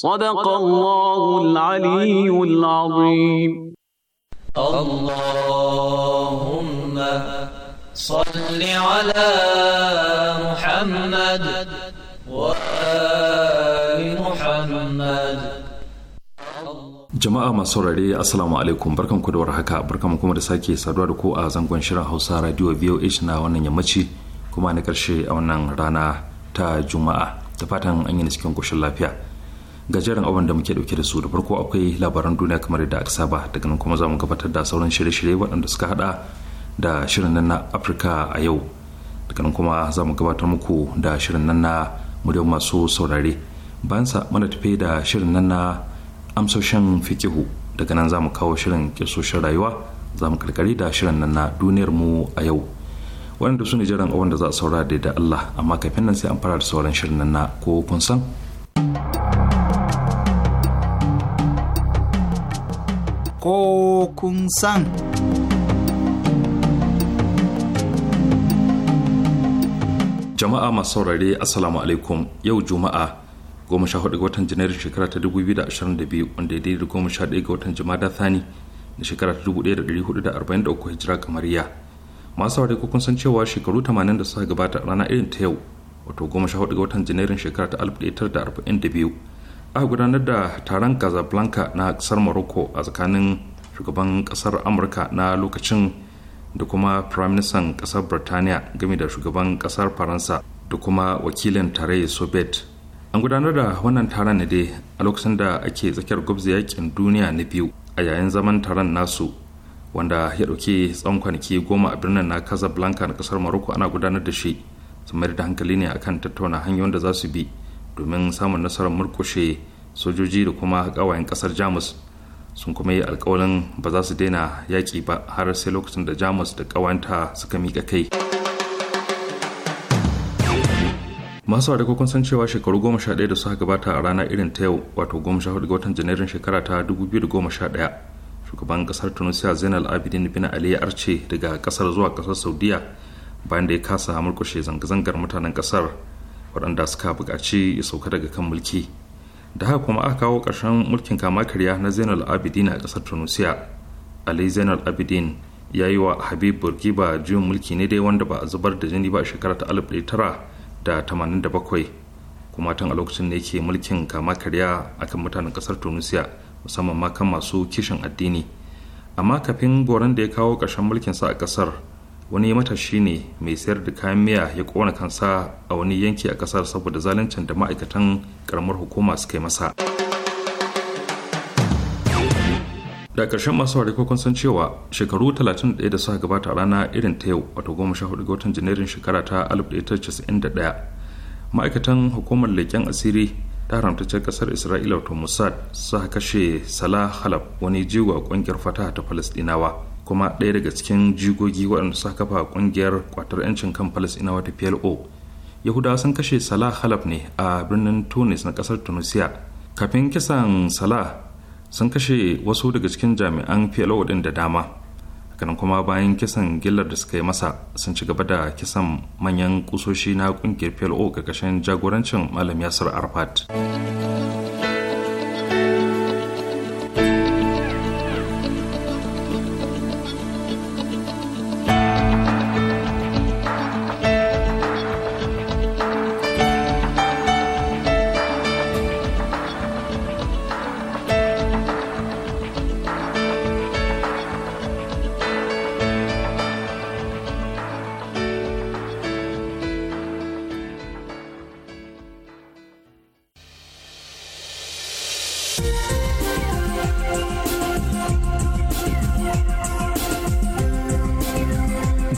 صدق الله العلي العظيم اللهم صل على محمد وآل محمد jama'a masu saurare assalamu alaikum barkan ku da warhaka barkan kuma da sake saduwa da ku a zangon shirin hausa radio voh na wannan yammaci kuma na karshe a wannan rana ta juma'a da fatan an yi cikin koshin lafiya gajeren abin da muke dauke da su da farko akwai labaran duniya kamar yadda aka saba daga nan kuma za mu gabatar da sauran shirye-shirye waɗanda suka hada da shirin nan na afirka a yau daga nan kuma za mu gabatar muku da shirin nan na muryar masu saurare bayan sa muna tafe da shirin nan na amsoshin fikihu daga nan za mu kawo shirin kisoshin rayuwa za mu karkare da shirin nan na duniyar mu a yau waɗanda su ne jiran abin da za a saurara da Allah amma kafin nan sai an fara da sauran shirin nan na ko kun san ko kun san. Jama'a masu saurare Assalamu alaikum yau Juma'a goma sha hudu ga watan Janairun shekara ta da da ashirin biyu, wanda ya daidai goma sha ɗaya ga watan Jumada Thani na shekara ta dubu da da da hudu arba'in uku, hijira kamariya. Masu saurare ko kun san cewa shekaru tamanin da suka gabata a rana irin ta yau wato goma sha hudu ga watan Janairun shekara ta da da arba'in biyu. aka gudanar da taron casablanca na kasar morocco a tsakanin shugaban kasar amurka na lokacin da kuma firaministan kasar birtaniya game da shugaban kasar faransa da kuma wakilin tarayyar soviet an gudanar da wannan taron ne dai a lokacin da ake tsakiyar gwabza yakin duniya na biyu a yayin zaman taron nasu wanda ya ɗauki tsawon kwanaki goma a birnin na casablanca na kasar morocco ana gudanar da shi su mayar da hankali ne akan tattauna hanyoyin da za su bi domin samun nasarar murkushe sojoji da kuma ƙawayen ƙasar jamus sun kuma yi alkawalin ba za su daina yaƙi ba har sai lokacin da jamus da ƙawanta suka miƙa kai masu da kun san cewa shekaru goma sha ɗaya da suka gabata a rana irin ta yau wato goma sha hudu ga watan janairun shekara ta dubu biyu da goma sha ɗaya shugaban ƙasar tunisia zainal abidin bin ali ya arce daga ƙasar zuwa ƙasar saudiya bayan da ya kasa murkushe zanga-zangar mutanen ƙasar waɗanda suka buƙaci ya sauka daga kan mulki da haka kuma aka kawo ƙarshen mulkin kama karya na zainal abidin a ƙasar tunisia ali zainal abidin ya yi wa habib burgiba juyin mulki ne dai wanda ba a zubar da jini ba a shekara ta alif da da tamanin bakwai. kuma tun a lokacin da yake mulkin kama karya kan mutanen ƙasar tunisia musamman ma kan masu kishin addini amma kafin boran da ya kawo ƙarshen mulkinsa a ƙasar wani matashi ne mai sayar da kayan miya ya kona kansa a wani yanki a kasar saboda zaluncin da ma'aikatan karamar hukuma suka yi masa da ƙarshen masu wari kokon san cewa shekaru 31 da suka gabata a rana irin ta yau wato 14 ga watan janairun shekara ta 1991 ma'aikatan hukumar leƙen asiri ta haramtaccen ƙasar isra'ila wato mossad suka kashe salah halab wani jiwa ƙungiyar fata ta falasɗinawa kuma ɗaya daga cikin jigogi waɗanda suka kafa ƙungiyar kwatar 'yancin kan falasɗinawa wata plo yahudawa sun kashe salah halab ne a birnin tunis na ƙasar tunisia kafin kisan salah sun kashe wasu daga cikin jami'an plo ɗin da dama hakanan kuma bayan kisan gillar da suka yi masa sun ci gaba da kisan manyan kusoshi na ƙungiyar plo ga kashin jagorancin malam yasir arfat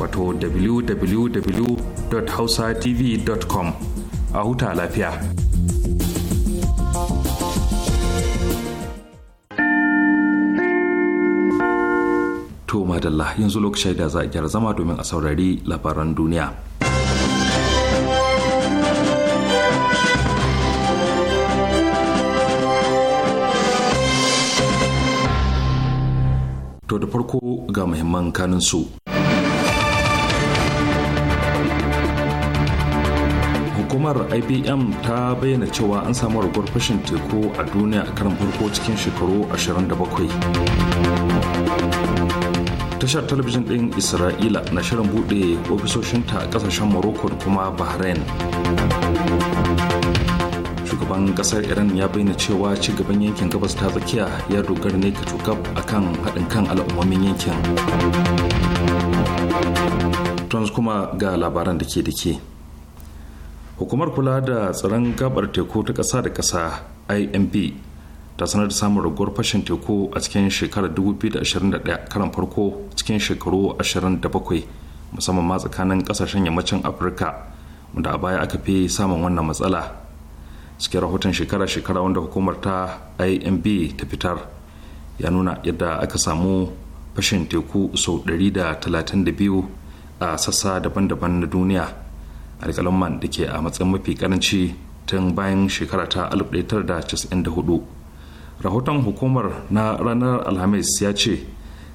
wato www.hausatv.com a huta lafiya. To madalla yanzu lokacin da za a gyara zama domin a saurari labaran duniya. To da farko ga muhimman kanin su. hukumar ibm ta bayyana cewa an samu raguwar fashin teku a duniya a karan farko cikin shekaru 27 tashar talabijin ɗin isra'ila na shirin buɗe ofisoshinta a ƙasashen morocco da kuma bahrain shugaban ƙasar iran ya bayyana cewa ci gaban yankin gabas ta tsakiya ya dogara ne ka kan haɗin kan al'ummomin yankin trans kuma ga labaran da ke da ke hukumar kula da tsaron gabar teku ta ƙasa da ƙasa imb ta sanar da samun raguwar fashin teku a cikin shekarar 2021 karan farko cikin shekaru 27 musamman ma tsakanin ƙasashen yammacin afirka wanda a baya aka fi samun wannan matsala cikin rahoton shekara-shekara wanda hukumar ta imb ta fitar ya nuna yadda aka samu fashin teku sau 132 a sassa daban-daban na duniya man da ke a matsayin mafi karanci tun bayan shekara ta 1994 rahoton hukumar na ranar alhamis ya ce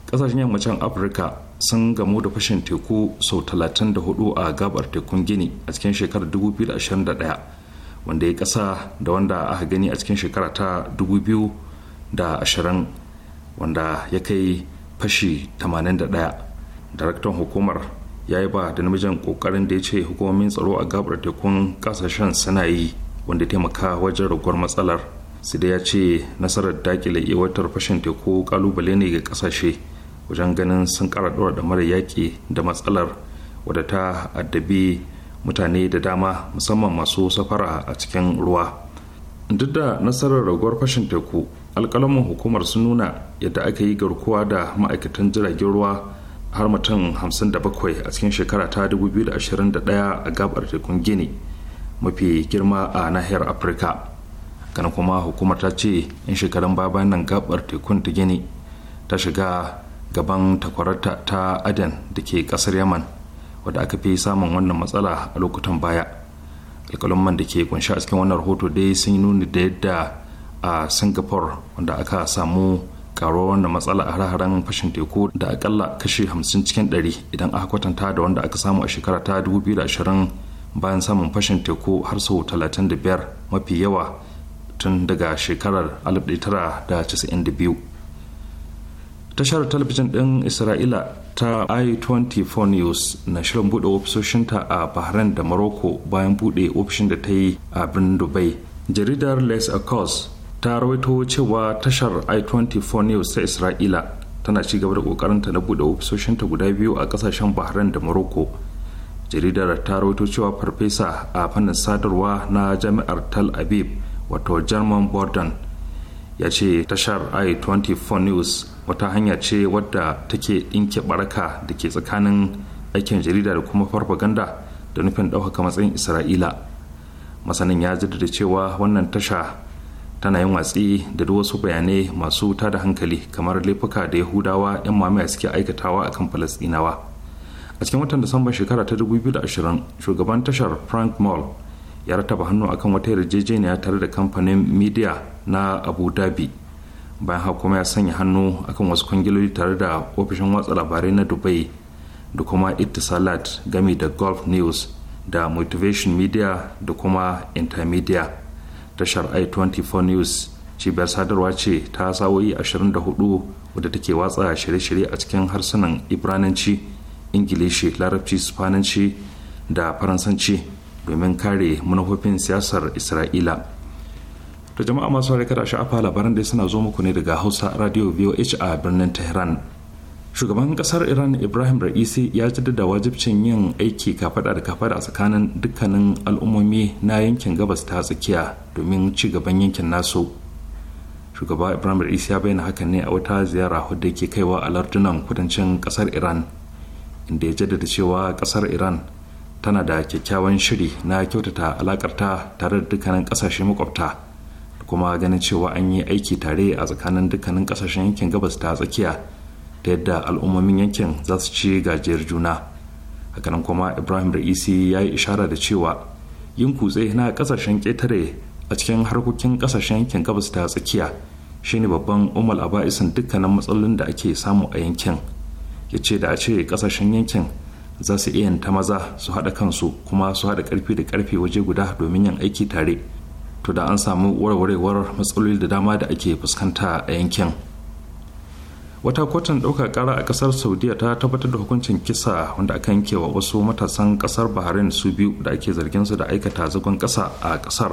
ƙasashen yammacin afirka sun gamu da fashin teku sau 34 a gabar tekun gini a cikin shekarar 2021 wanda ya ƙasa da wanda aka gani a cikin shekara ta 2020 wanda ya kai fashi 81 daraktan hukumar ya yi ba da namijin kokarin da ya ce hukumomin tsaro a gabar tekun kasashen suna yi wanda taimaka wajen raguwar matsalar su da ya ce nasarar dakile iwatar fashin teku kalubale ne ga kasashe wajen ganin sun kara dora da mara yaƙi da matsalar wadda ta addabi mutane da dama musamman masu safara a cikin ruwa duk da nasarar raguwar fashin teku alkalamin hukumar sun nuna yadda aka yi garkuwa da ma'aikatan jiragen ruwa har mutum bakwai a cikin shekara ta 2021 a gabar tekun gini mafi girma a nahiyar afirka kana kuma hukumar ta ce in shekarun baya nan gabar tekun ta gini ta shiga gaban takwararta ta aden da ke kasar yaman wadda aka fi samun wannan matsala a lokutan baya man da ke kunshi a cikin wannan rahoto dai sun yi nuni da yadda a singapore wanda aka samu karuwar wanda matsala a hare fashin teku da akalla kashi 50 cikin 100 idan aka kwatanta da wanda aka samu a shekara ta 2020 bayan samun fashin teku har sau 35 mafi yawa tun daga shekarar 1992 tashar talabijin ɗin isra'ila ta i24 news na shirin buɗe ofisoshinta a bahrain da morocco bayan buɗe ofishin da ta yi a birnin dubai jaridar les accords ta rawaito cewa tashar i24 news ta isra'ila tana ci gaba da kokarinta na buɗe ofisoshinta guda biyu a kasashen bahrain da morocco jaridar ta rawaito cewa farfesa a fannin sadarwa na jami'ar tal aviv wato german borden ya ce tashar i24 news wata hanya ce wadda take ɗinke baraka da ke tsakanin aikin jarida da kuma farfaganda da nufin ɗaukaka matsayin isra'ila masanin ya jaddada cewa wannan tasha tana yin watsi da duk wasu bayanai masu tada hankali kamar laifuka da yahudawa 'yan mamaya suke aikatawa akan falasɗinawa a cikin watan disamban shekara ta 2020 shugaban tashar frank mall ya rataba hannu akan wata yarjejeniya tare da kamfanin media na abu dhabi bayan haka kuma ya sanya hannu akan wasu kwangiloli tare da ofishin watsa labarai na dubai da kuma salad gami da golf news da motivation media da kuma intermedia tashar i24 news cibiyar sadarwa ce ta sawoyi 24 wadda take watsa shirye-shirye a cikin harsunan ibrananci ingilishi larabci spananci da faransanci domin kare manufofin siyasar isra'ila da jama'a masu kada sha'afa labaran da suna zo muku ne daga hausa radio voh a birnin tehran shugaban kasar iran ibrahim ra'isi ya jaddada wajibcin yin aiki kafada da kafada a tsakanin dukkanin al'ummomi na yankin gabas ta tsakiya domin ci gaban yankin nasu shugaba ibrahim ra'isi ya bayyana hakan ne a wata ziyara wadda ke kaiwa a lardunan kudancin kasar iran inda ya jaddada cewa kasar iran tana da kyakkyawan shiri na kyautata alakarta tare da dukkanin kasashe makwabta da kuma ganin cewa an yi aiki tare a tsakanin dukkanin kasashen yankin gabas ta tsakiya ta yadda al'ummomin yankin za su ci gajiyar juna hakanan kuma ibrahim ra'isi ya yi ishara da cewa yin kutse na kasashen ƙetare a cikin harkokin kasashen yankin gabas ta tsakiya shine babban umar aba'isin dukkanin matsalolin da ake samu a yankin ya ce da a ce kasashen yankin za su iya ta maza su haɗa kansu kuma su haɗa ƙarfi da ƙarfe waje guda domin yin aiki tare to da an samu warwarewar matsaloli da dama da ake fuskanta a yankin wata kotun ɗaukar ƙara a ƙasar saudiya ta tabbatar da hukuncin kisa wanda aka yanke wa wasu matasan ƙasar bahrain su biyu da ake zargin su da aikata zagon ƙasa a ƙasar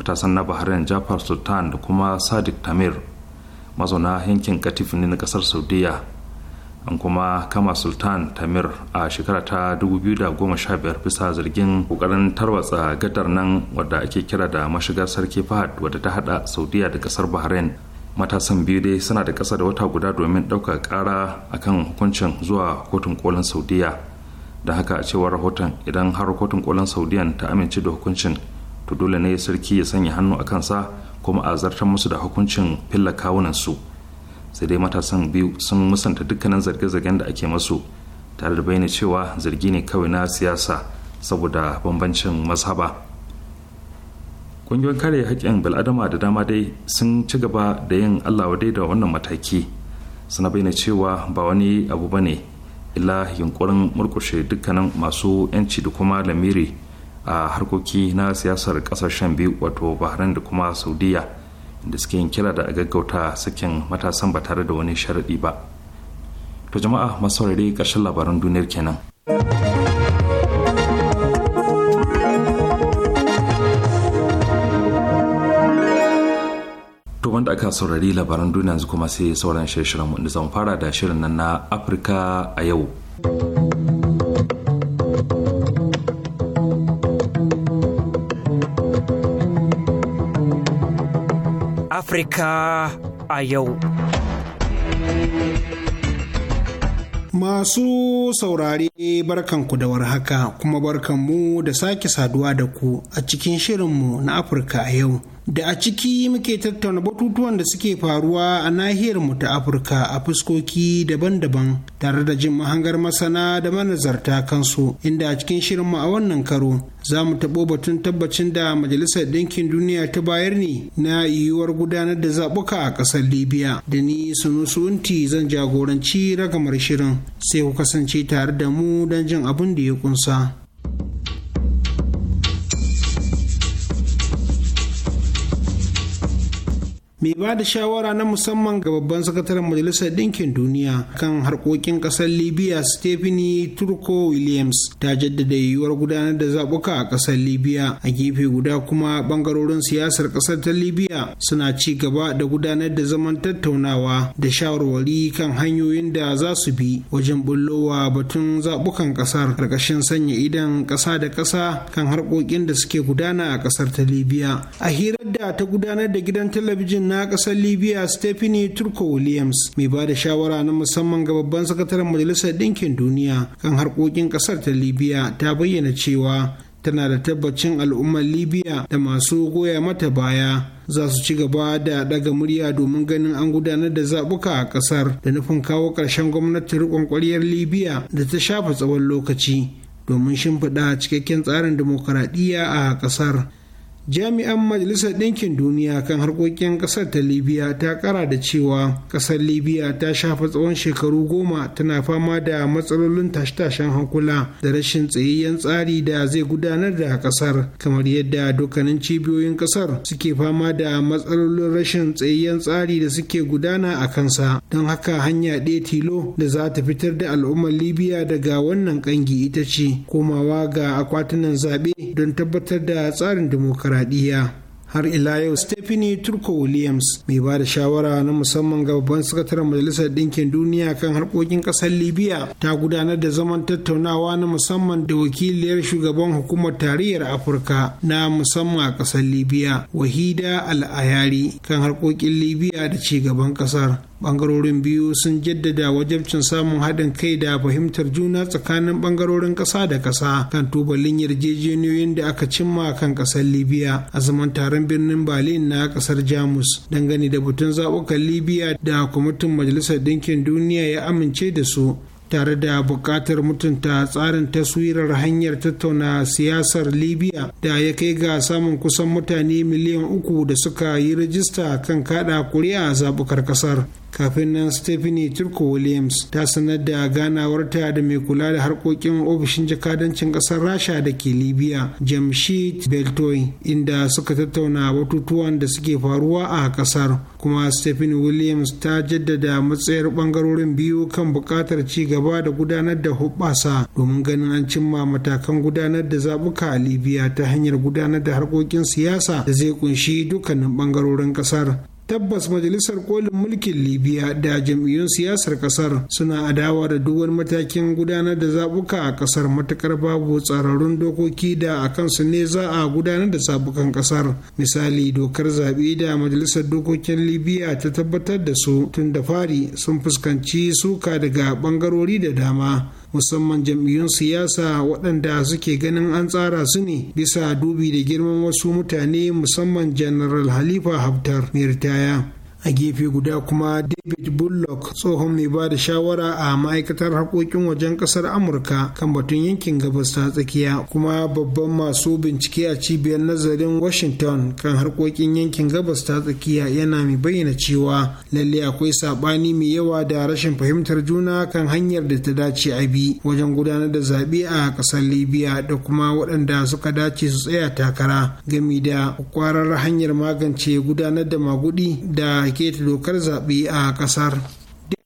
matasan na bahrain jafar sultan da kuma sadiq tamir mazauna yankin katif ne na ƙasar saudiya an kuma kama sultan tamir a shekara ta da goma sha biyar bisa zargin ƙoƙarin tarwatsa gadar nan wadda ake kira da mashigar sarki fahad wadda ta haɗa saudiya da ƙasar bahrain matasan biyu dai suna da ƙasa da wata guda domin ɗauka ƙara akan hukuncin zuwa kotun kolin saudiya da haka a cewar rahoton idan har kotun kolin saudiya ta amince da hukuncin to dole ne sarki ya sanya hannu a kansa kuma a zartar musu da hukuncin filla kawunan sai dai matasan biyu sun musanta dukkanin zarge-zargen da ake masu tare da bayyana cewa zargi ne kawai na siyasa saboda bambancin mazhaba kungiyoyin kare haƙƙin bil'adama da dama dai sun ci gaba da yin allah dai da wannan mataki suna bayyana cewa ba wani abu ba ne illa yunkurin murkushe dukkanin masu yanci da kuma lamiri a harkoki na siyasar ƙasashen biyu wato bahrain da kuma saudiya da suke yin kira da a gaggauta sakin matasan ba tare da wani sharaɗi ba to jama'a masu ƙarshen labaran duniyar kenan. da aka saurari labaran duniya yanzu kuma sai sauran shirin wanda zan fara da shirin nan na afirka a yau afirka a yau Masu saurare barkanku da warhaka kuma barkanmu da sake saduwa da ku a cikin shirinmu na Afirka a yau. da a ciki muke tattauna batutuwan da suke faruwa a nahiyar mu ta afirka a fuskoki daban-daban tare da jin mahangar masana da manazarta kansu inda a cikin shirinmu a wannan karo za mu taɓo batun tabbacin da majalisar ɗinkin duniya ta bayar ne na yiwuwar gudanar da zaɓuka a ƙasar libya da ni sunusunti zan jagoranci ragamar shirin sai ku kasance tare da mu don jin abin da ya kunsa. mai ba da shawara na musamman ga babban sakataren majalisar ɗinkin duniya kan harkokin ƙasar libya stephanie turko williams ta jaddada yiwuwar gudanar da zaɓuka a ƙasar libya a gefe guda kuma ɓangarorin siyasar ƙasar ta libya suna ci gaba da gudanar da zaman tattaunawa da shawarwari kan hanyoyin da za su bi wajen bullowa batun zaɓukan ƙasar ƙarƙashin sanya idan ƙasa da ƙasa kan harkokin da suke gudana a ƙasar ta libya a hirar da ta gudanar da gidan talabijin na ƙasar libya stephanie turko williams mai ba da shawara na musamman ga babban sakataren majalisar ɗinkin duniya kan harkokin ƙasar ta libya ta bayyana cewa tana da tabbacin al'ummar libya da masu goya mata baya za su ci gaba da daga murya domin ganin an gudanar da zaɓuka a ƙasar da nufin kawo ƙarshen gwamnatin riƙon ƙwaryar libya da ta shafa tsawon lokaci domin shimfiɗa cikakken tsarin dimokuraɗiyya a ƙasar jami'an majalisar ɗinkin duniya kan harkokin ƙasar ta libya ta ƙara da cewa ƙasar libya ta shafa tsawon shekaru goma tana fama da matsalolin tashe-tashen hankula da rashin tsayayyen tsari da zai gudanar da ƙasar kamar yadda dukkanin cibiyoyin ƙasar suke fama da matsalolin rashin tsayayyen tsari da suke gudana a kansa don haka hanya ɗaya tilo da za ta fitar da al'ummar libya daga wannan ƙangi ita ce komawa ga akwatunan zaɓe don tabbatar da tsarin dimokuraɗiyya demokuraɗiyya har ila yau stephanie turko williams mai ba da shawara na musamman ga babban sakataren majalisar ɗinkin duniya kan harkokin ƙasar libya ta gudanar da zaman tattaunawa na musamman da wakiliyar shugaban hukumar tarayyar afirka na musamman a ƙasar libya wahida al'ayari kan harkokin libya da ci gaban ƙasar bangarorin biyu sun jaddada wajabcin samun haɗin kai da fahimtar juna tsakanin bangarorin ƙasa da ƙasa kan tubalin yarjejeniyoyin da aka cimma kan ƙasar libya a zaman tare babban birnin berlin na kasar jamus dangane da batun zaɓukan libya da kwamitin majalisar ɗinkin duniya ya amince da su tare da buƙatar mutunta tsarin taswirar hanyar tattauna siyasar libya da ya kai ga samun kusan mutane miliyan uku da suka yi rajista kan kada kuri'a a zaɓukar ƙasar kafin nan stephanie turko williams ta sanar da ganawarta da mai kula da harkokin ofishin jakadancin ƙasar rasha da ke libya jamshid beltoy inda suka tattauna batutuwan da suke faruwa a ƙasar. kuma stephen williams ta jaddada matsayar bangarorin biyu kan bukatar ci gaba da gudanar da hubbasa domin ganin an cimma matakan gudanar da zabuka a libya ta hanyar gudanar da harkokin siyasa da zai kunshi dukkanin bangarorin kasar. tabbas majalisar kolin mulkin libya da jam'iyyun siyasar kasar suna adawa da duk matakin gudanar da zabuka a kasar matukar babu tsararrun dokoki da a kansu ne za a gudanar da zabukan kasar misali dokar zaɓe da majalisar dokokin libya ta tabbatar da su tun da fari sun fuskanci suka daga ɓangarori da dama musamman jam'iyyun siyasa waɗanda suke ganin an tsara su ne bisa dubi da girman wasu mutane musamman general halifa haftar mai ritaya a gefe guda kuma david bullock tsohon mai ba da shawara a ma'aikatar harkokin wajen kasar amurka kan batun yankin gabas ta tsakiya kuma babban masu bincike a cibiyar nazarin washington kan harkokin yankin gabas ta tsakiya yana mai bayyana cewa lalle akwai sabani mai yawa da rashin fahimtar juna kan hanyar da ta dace a bi wajen gudanar da zaɓe a ƙasar libya da kuma waɗanda suka dace su tsaya takara gami da kwarar hanyar magance gudanar da magudi da keta dokar zaɓe a ƙasar.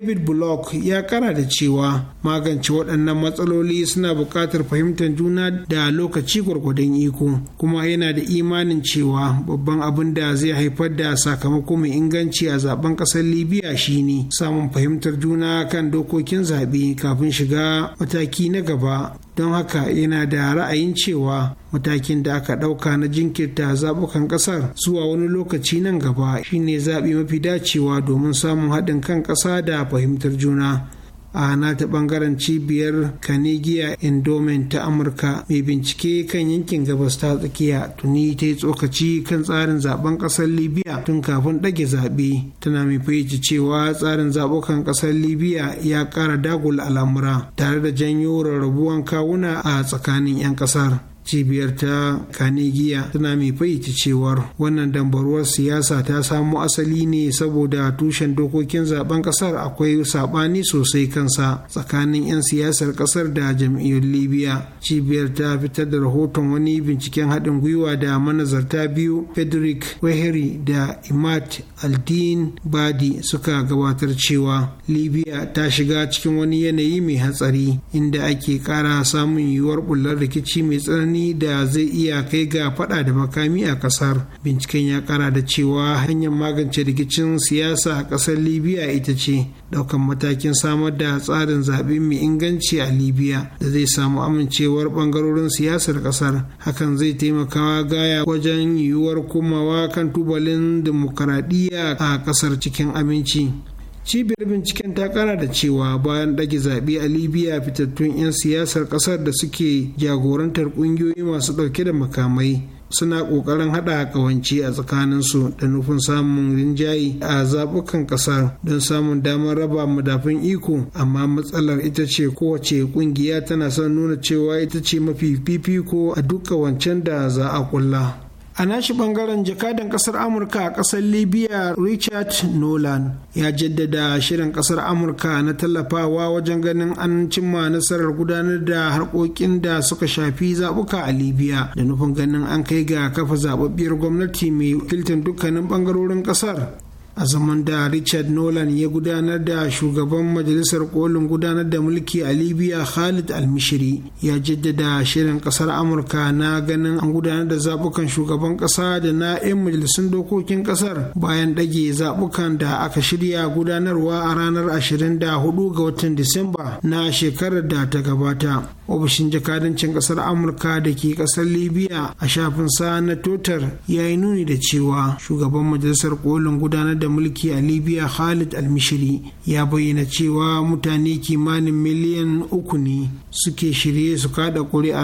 David Block ya kara da cewa magance waɗannan matsaloli suna buƙatar fahimtar juna da lokaci gwargwadon iko kuma yana da imanin cewa babban abin da zai haifar da sakamako mai inganci a zaben ƙasar Libya shine samun fahimtar juna kan dokokin zaɓe kafin shiga mataki na gaba don haka yana da ra'ayin cewa matakin da aka ɗauka na jinkirta zaɓukan ƙasar zuwa wani lokaci nan gaba shine zaɓi mafi dacewa domin samun haɗin kan ƙasa da fahimtar juna a nata bangaren cibiyar kanigiya Endowment ta Amurka mai bincike kan yankin gabas ta tsakiya tuni ta yi tsokaci kan tsarin zaben kasar Libya tun kafin ɗage zaɓe tana mai fahimci cewa tsarin zaɓukan kasar Libya ya ƙara dagula al'amura tare da janyo rarrabuwan kawuna a tsakanin 'yan ƙasar. cibiyar ta kanegiya tana mai fayyace cewar wannan dambaruwar siyasa ta samo asali ne saboda tushen dokokin zaben kasar akwai sabani sosai kansa tsakanin 'yan siyasar kasar da jam'iyyar libya cibiyar ta fitar da rahoton wani binciken haɗin gwiwa da manazarta biyu frederick weheri da imat aldin badi suka gabatar cewa libya ta shiga cikin wani yanayi mai hatsari inda ake kara samun yiwuwar bullar rikici mai tsanani tsanani da zai iya kai ga fada da makami a kasar binciken ya kara da cewa hanyar magance rikicin siyasa a kasar libya ita ce daukan matakin samar da tsarin zaɓe mai inganci a libya da zai samu amincewar bangarorin siyasar kasar hakan zai taimakawa gaya wajen yiwuwar komawa kan tubalin dimokuraɗiyya a kasar cikin aminci cibiyar binciken ta kara da cewa bayan ɗage zaɓe a libya fitattun 'yan siyasar ƙasar da suke jagorantar ƙungiyoyi masu ɗauke da makamai suna ƙoƙarin haɗa ƙawance a tsakaninsu da nufin samun rinjaye a zaɓukan ƙasar don samun damar raba madafin iko amma matsalar ita ce kowace ƙungiya tana son nuna cewa ita ce mafi fifiko a duk ƙawancen da za a ƙulla a nashi bangaren jakadan kasar amurka a kasar libya richard nolan ya jaddada shirin kasar amurka na tallafawa wajen ganin an cimma nasarar gudanar da harkokin da suka shafi zabuka a libya da nufin ganin an kai ga kafa zababbiyar gwamnati mai wakiltar dukkanin bangarorin kasar a zaman da richard nolan ya gudanar da shugaban majalisar kolin gudanar da mulki a libya khalid almishiri ya jaddada shirin kasar amurka na ganin an gudanar da zabukan shugaban kasa da na 'yan majalisun dokokin kasar bayan dage zabukan da aka shirya gudanarwa a ranar 24 ga watan disamba na shekarar da ta gabata ofishin jakadancin kasar amurka da ke kasar libya a shafinsa na totar ya yi nuni da cewa shugaban majalisar kolin gudanar da mulki a libya khalid almishiri ya bayyana cewa mutane kimanin miliyan uku ne suke shirye su kada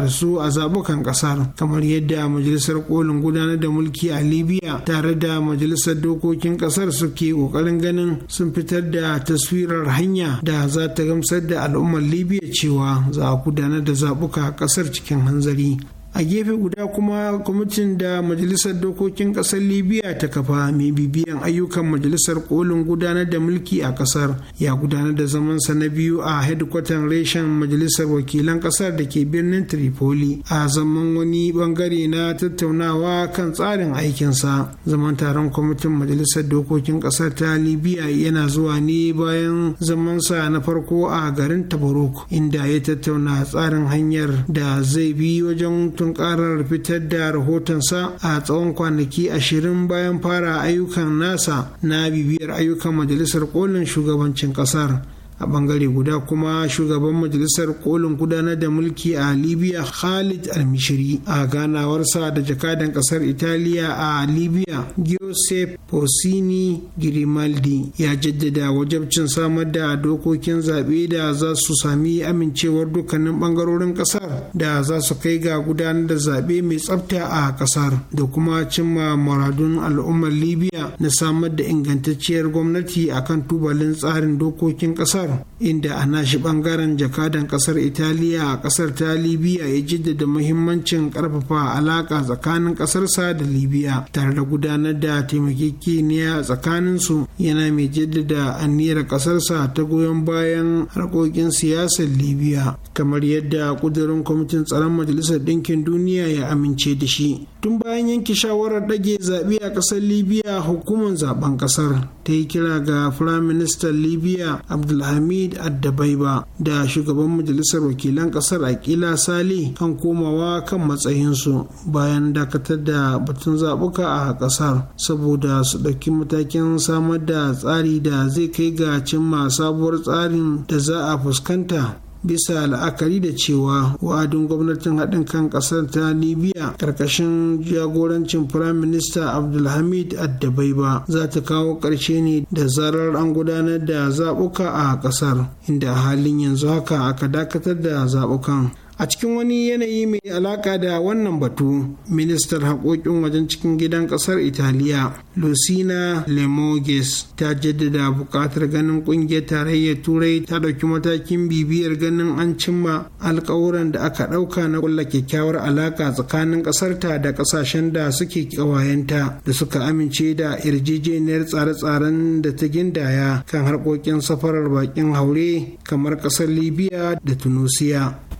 su a zabukan kasar kamar yadda majalisar kolin gudanar da mulki a libya tare da majalisar dokokin kasar suke kokarin ganin sun fitar da taswirar hanya da za ta gamsar da al'ummar libya cewa za a gudanar da zabuka kasar cikin hanzari a gefe guda kuma kwamitin da majalisar dokokin kasar libya ta kafa mai bibiyan ayyukan majalisar kolin gudanar da mulki a kasar ya gudanar da zaman sa na biyu a hedkwatan reshen majalisar wakilan kasar da ke birnin tripoli a zaman wani bangare na tattaunawa kan tsarin aikinsa zaman taron kwamitin majalisar dokokin kasar ta libya yana zuwa ne bayan zaman sa na farko a garin tabaruk inda ya tattauna tsarin hanyar da zai bi wajen batun karar fitar da rahotonsa a tsawon kwanaki ashirin bayan fara ayyukan nasa na bibiyar ayyukan majalisar kolin shugabancin ƙasar. a bangare guda kuma shugaban majalisar kolin gudanar da mulki a libya khalid almishiri a ganawarsa da jakadan kasar italiya a libya giuseppe Posini girimaldi ya jaddada wajabcin samar da dokokin zaɓe da za su sami amincewar dukkanin bangarorin kasar da za su kai ga gudanar da zaɓe mai tsafta a kasar da kuma cimma muradun al'ummar libya na samar da ingantacciyar gwamnati akan tubalin tsarin dokokin kasar kasar inda a nashi bangaren jakadan kasar italiya a kasar ta libya ya jaddada muhimmancin karfafa alaka tsakanin kasarsa da libya tare da gudanar da taimakekeniya tsakaninsu yana mai jaddada aniyar kasarsa ta goyon bayan harkokin siyasar libya kamar yadda kudurin kwamitin tsaron majalisar ɗinkin duniya ya amince da shi tun bayan yanke shawarar ɗage zaɓe a ƙasar libya hukumar zaben ƙasar ta yi kira ga firaministan libya abdulhamid addabaiba da shugaban majalisar wakilan ƙasar ƙila sali kan komawa kan matsayinsu bayan dakatar da batun zaɓuka a ƙasar saboda su ɗauki matakin samar da tsari da zai kai ga cimma sabuwar tsarin da za a fuskanta bisa la'akari da cewa wa'adin gwamnatin haɗin kan ƙasar ta libya ƙarƙashin jagorancin prime minister abdulhamid addabaiba za ta kawo ƙarshe ne da zarar an gudanar da zaɓuka a ƙasar inda halin yanzu haka aka dakatar da zaɓukan a cikin wani yanayi mai alaka da wannan batu ministar haƙoƙin wajen cikin gidan ƙasar italiya lucina lemoges ta jaddada buƙatar ganin ƙungiyar tarayyar turai ta ɗauki matakin bibiyar ganin an cimma alƙawuran da aka ɗauka na ƙulla kyakkyawar alaka tsakanin ƙasarta da ƙasashen da suke ƙawayenta da suka amince da yarjejeniyar tsare-tsaren da ta gindaya kan harkokin safarar bakin haure kamar ƙasar libya da tunusiya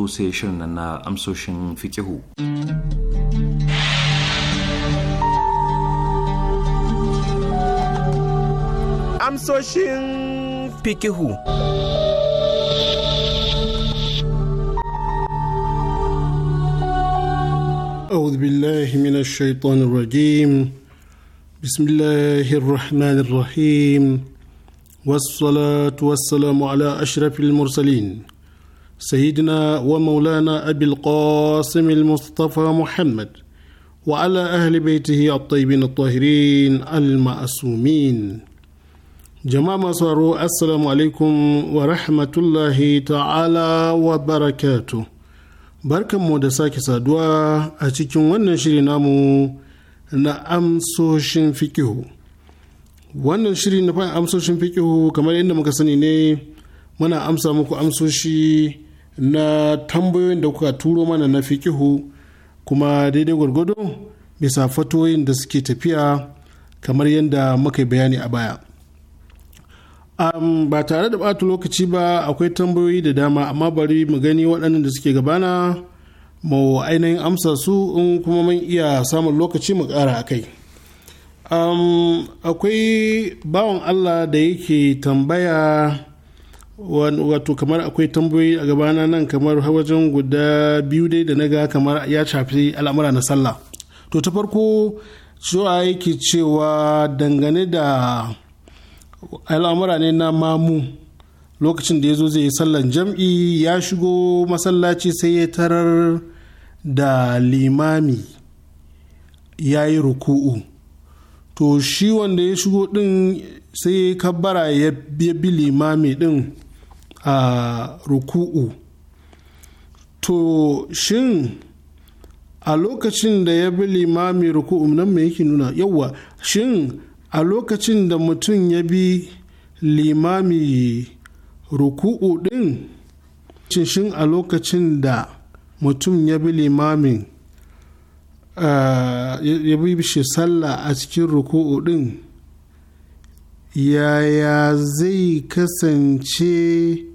yanzu sai shirin nan na amsoshin fikihu. Amsoshin fikihu. أعوذ بالله من الشيطان الرجيم بسم الله الرحمن الرحيم والصلاة والسلام على أشرف المرسلين سيدنا ومولانا أبي القاسم المصطفى محمد وعلى أهل بيته الطيبين الطاهرين المأسومين جماعة صاروا السلام عليكم ورحمة الله تعالى وبركاته barkan mu da sake saduwa a cikin wannan shiri na fikihu wannan shiri na amsoshin fikihu kamar yadda muka sani ne muna amsa muku amsoshi na tambayoyin da kuka turo mana na fikihu kuma daidai gwargwado bisa fatoyin da suke tafiya kamar yadda muka bayani a baya um, ba tare da ɓata lokaci ba akwai tambayoyi da dama amma bari mu gani waɗannan da suke gabana mu ainihin amsa su in kuma mun iya samun lokaci mu ƙara a kai um, akwai bawan allah da yake tambaya wato kamar akwai tambayoyi a gabana nan kamar wajen guda biyu dai da na ga kamar ya shafi al'amura na sallah to ta farko cewa yake cewa dangane da al'amura ne na mamu lokacin da ya zo zai yi sallan jam'i ya shigo masallaci sai ya tarar da limami ya yi ruku'u to shi wanda ya shigo din sai ya kabbara ya bi limami din a ruku'u to shin a lokacin da ya bi limami ruku'u nan me yake nuna yawwa shin a lokacin da mutum ya bi limami ruku'u din shin a lokacin da mutum ya bi limamin ya bi shi sallah a cikin ruku'u din yaya zai kasance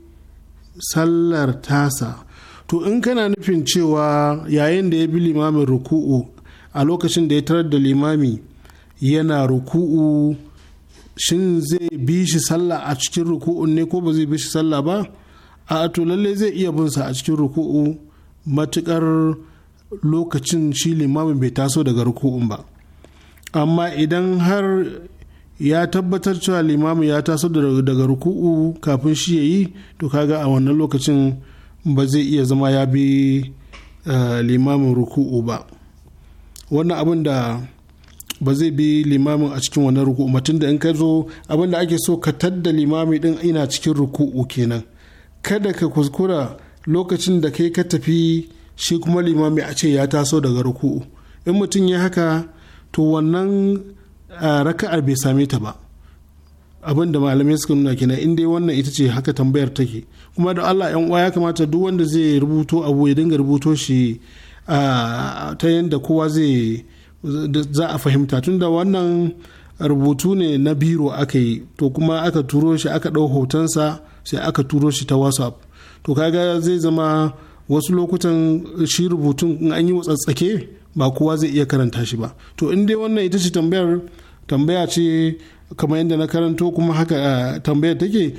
sallar tasa to in kana nufin cewa yayin da ya bi limamin ruku'u a lokacin da ya tarar da limami yana ruku'u shin zai bi shi sallah a cikin ruku'un ne ko ba zai bi shi sallah ba a to lalle zai iya bin sa a cikin ruku'u matukar lokacin shi limamin bai taso daga ruku'un ba amma idan har ya tabbatar cewa limamu ya taso daga ruku'u kafin shi ya yi to kaga a wannan lokacin ba zai iya zama ya bi eh, limamin ruku'u ba wannan abin da ba zai bi limamin a cikin wannan ruku'u mutum da in ka zo abin da ake so ka tadda limami din ina cikin ruku'u kenan kada ka kuskura lokacin da kai ka tafi shi kuma limami a ce ya taso daga ruku'u in mutum ya haka to wannan a raka'ar bai same ta ba abin da malamai suka nuna kenan in dai wannan ita ce haka tambayar take kuma da Allah yan uwa ya kamata duk wanda zai rubuto abu ya dinga rubuto shi ta yadda kowa zai za a fahimta tunda wannan rubutu ne na biro aka yi to kuma aka turo shi aka ɗau hotonsa sai aka turo shi ta whatsapp to kaga zai zama wasu lokutan shi rubutun in an yi watsatsake ba kowa zai iya karanta shi ba to in dai wannan ita ce tambayar tambaya ce kamar yadda na karanto kuma haka eh, tambayar take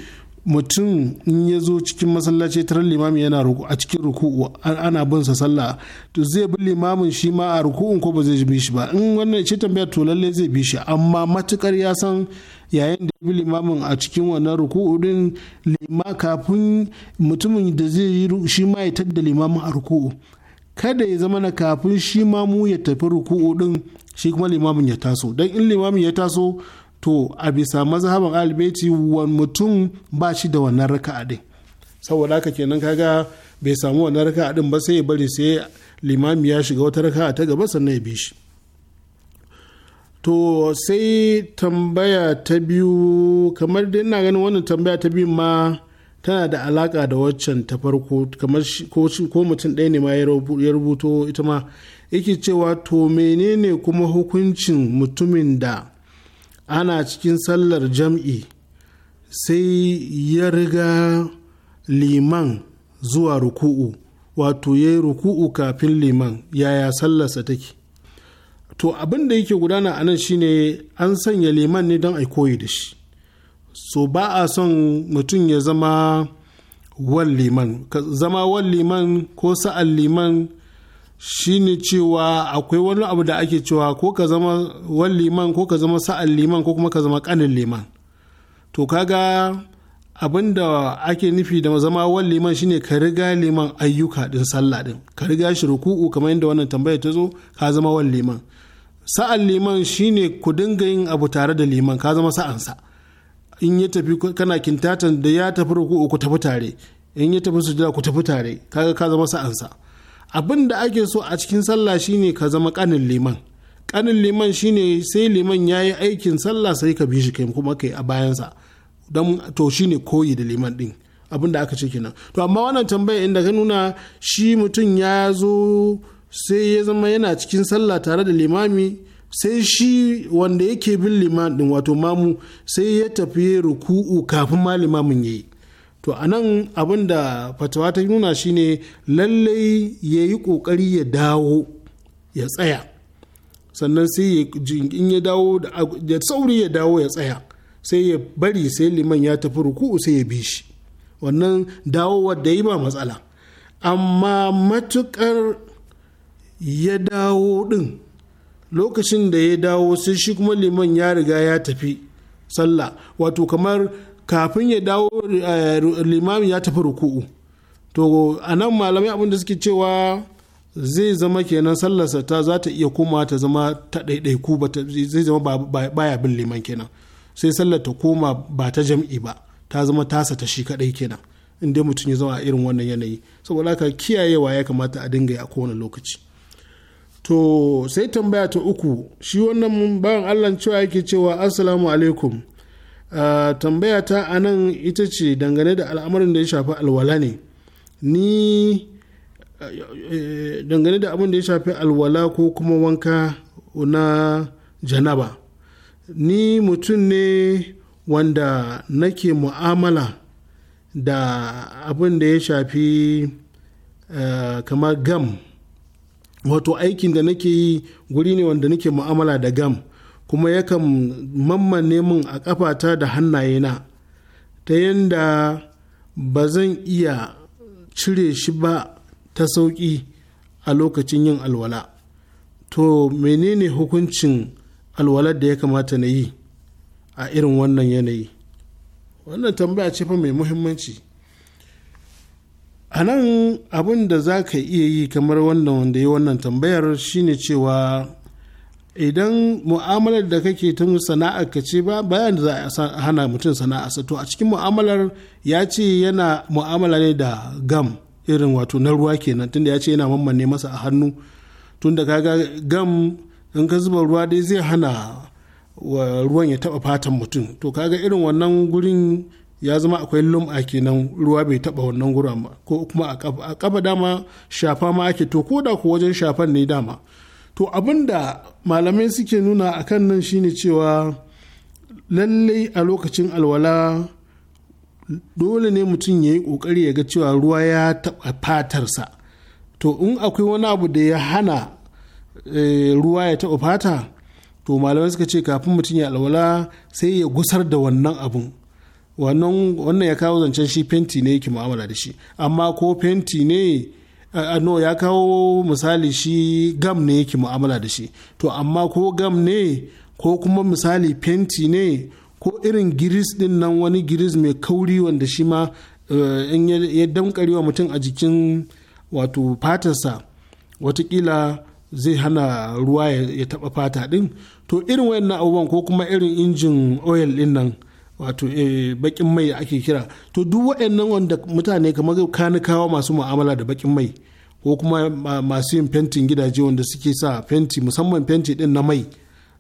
mutum in ya zo cikin masallaci tarar limami yana a cikin ruku'u ana bin sa sallah to zai bi limamin shi ma a ruku'un ko ba zai bi shi ba in wannan ce tambaya to lalle zai bi shi amma matukar ya san yayin da bi limamin a cikin wannan ruku'u din lima kafin mutumin da zai yi shi ma ya tadda limamin a ruku'u kada ya zama na kafin shi ma mu ya tafi ruku'u din shi kuma limamin ya taso don in limamin ya taso to a bisa mazhaban alibaiti wani mutum ba shi da wannan raka'a din saboda haka kenan kaga bai samu wannan raka'a din ba sai ya bari sai limami ya shiga wata raka'a ta gaba sannan ya bi shi to sai tambaya ta biyu kamar da ina ganin wannan tambaya ta biyu ma tana da alaka da waccan ta farko kamar ko mutum ɗaya ne ma ya rubuto ita ma yake cewa to menene kuma hukuncin mutumin da ana cikin sallar jam'i sai ya riga liman zuwa ruku'u wato ya yi ruku'u kafin liman yaya sallarsa take to abin da yake gudana a nan shine an sanya liman ne don a koyi da shi so ba a son mutum ya zama wan liman liman ko sa'an liman shine cewa akwai wani abu da ake cewa ko ka zama wan liman ko ka zama sa'an liman ko kuma ka zama kanin liman to kaga abin da ake nufi da zama wan liman shine ka riga liman ayyuka din sallah din ka riga shi ruku'u kamar yadda wannan tambaya ta zo ka zama wan liman sa'an liman shine ku dinga yin abu tare da liman ka zama sa'ansa in ya tafi kana kintatan da ya tafi ruku'u ku tafi tare in ya tafi sujada ku tafi tare kaga ka zama sa'ansa abin da ake so a cikin sallah shine ka zama kanin liman kanin liman shine sai liman ya yi aikin sallah sai ka bi shi kai kuma kai a bayansa don to shine koyi da liman din abin da aka ce kenan to amma wannan tambaya inda ka nuna shi mutum ya zo sai ya zama yana cikin sallah tare da limami sai shi wanda yake bin liman din wato mamu sai ya tafi ruku'u kafin ma limamin yayi to a nan abin da fatawa ta nuna shine lallai ya yi ƙoƙari ya dawo ya tsaya sannan sai in ya dawo da sauri ya dawo ya tsaya sai ya bari sai liman ya tafi ruku sai ya bi shi wannan wadda da yi ba matsala amma matukar ya dawo din lokacin da ya dawo sai shi kuma liman ya riga ya tafi sallah wato kamar kafin ya dawo eh, limamin ya tafi ruku'u to a nan malamai abin da suke cewa zai zama kenan sallarsa ta za ta iya koma ta zama ta ɗaiɗaiku ba zai zama baya bin liman kenan sai sallar ta koma ba ta jam'i ba ta zama tasa ta shi kaɗai kenan in dai mutum ya zama a irin wannan yanayi saboda haka kiyayewa ya kamata a dinga yi a kowane lokaci to sai tambaya ta uku shi wannan bayan allah cewa yake cewa assalamu alaikum tambaya ta a nan ita ce dangane da al'amarin da ya shafi alwala ne ni dangane da abin da ya shafi alwala ko kuma wanka na janaba ni mutum ne wanda nake mu'amala da abin da ya shafi kamar gam wato aikin da nake yi guri ne wanda nake mu'amala da gam kuma yakan mammane min a ƙafata da hannayena ta yadda ba zan iya cire shi ba ta sauƙi a lokacin yin alwala to menene hukuncin alwalar da ya kamata na yi a irin wannan yanayi wannan tambaya ce fa mai muhimmanci a nan abin da za ka iya yi kamar wannan wanda ya wannan tambayar shine cewa idan mu'amalar da kake tun sana'ar ka ce ba bayan da za a hana mutum sana'a to a cikin mu'amalar ya ce yana mu'amala ne da gam irin wato na ruwa kenan tunda ya ce yana mammanne masa a hannu tunda kaga gam in ka zuba ruwa dai zai hana ruwan ya taba fatan mutum to kaga irin wannan gurin ya zama akwai lum'a kenan ruwa bai taba wannan gurin ba ko kuma a kafa dama shafa ma ake to ko da ku wajen shafan ne dama to abin da malamai suke nuna a kan nan shine cewa lallai a lokacin alwala dole ne mutum ya yi ƙoƙari ya ga cewa ruwa ya taɓa fatarsa to in akwai wani abu da ya hana eh, ruwa ya taɓa fata to malamai suka ce kafin mutum ya alwala sai ya gusar da wannan abun wannan ya kawo zancen shi fenti ne yake mu'amala da shi amma ko fenti ne no ya kawo misali shi gam ne yake mu'amala da shi to amma ko gam ne ko kuma misali fenti ne ko irin giris din nan wani giris mai kauri wanda shi ma eh, in ya wa mutum a jikin wato fatarsa watakila zai hana ruwa ya taba fata din to irin na abubuwan ko kuma irin injin oil din nan wato eh, bakin mai ake kira to duk waɗannan wanda mutane kamar kanikawa masu mu'amala da bakin mai ko kuma masu yin fentin gidaje wanda suke sa fenti musamman fenti din na mai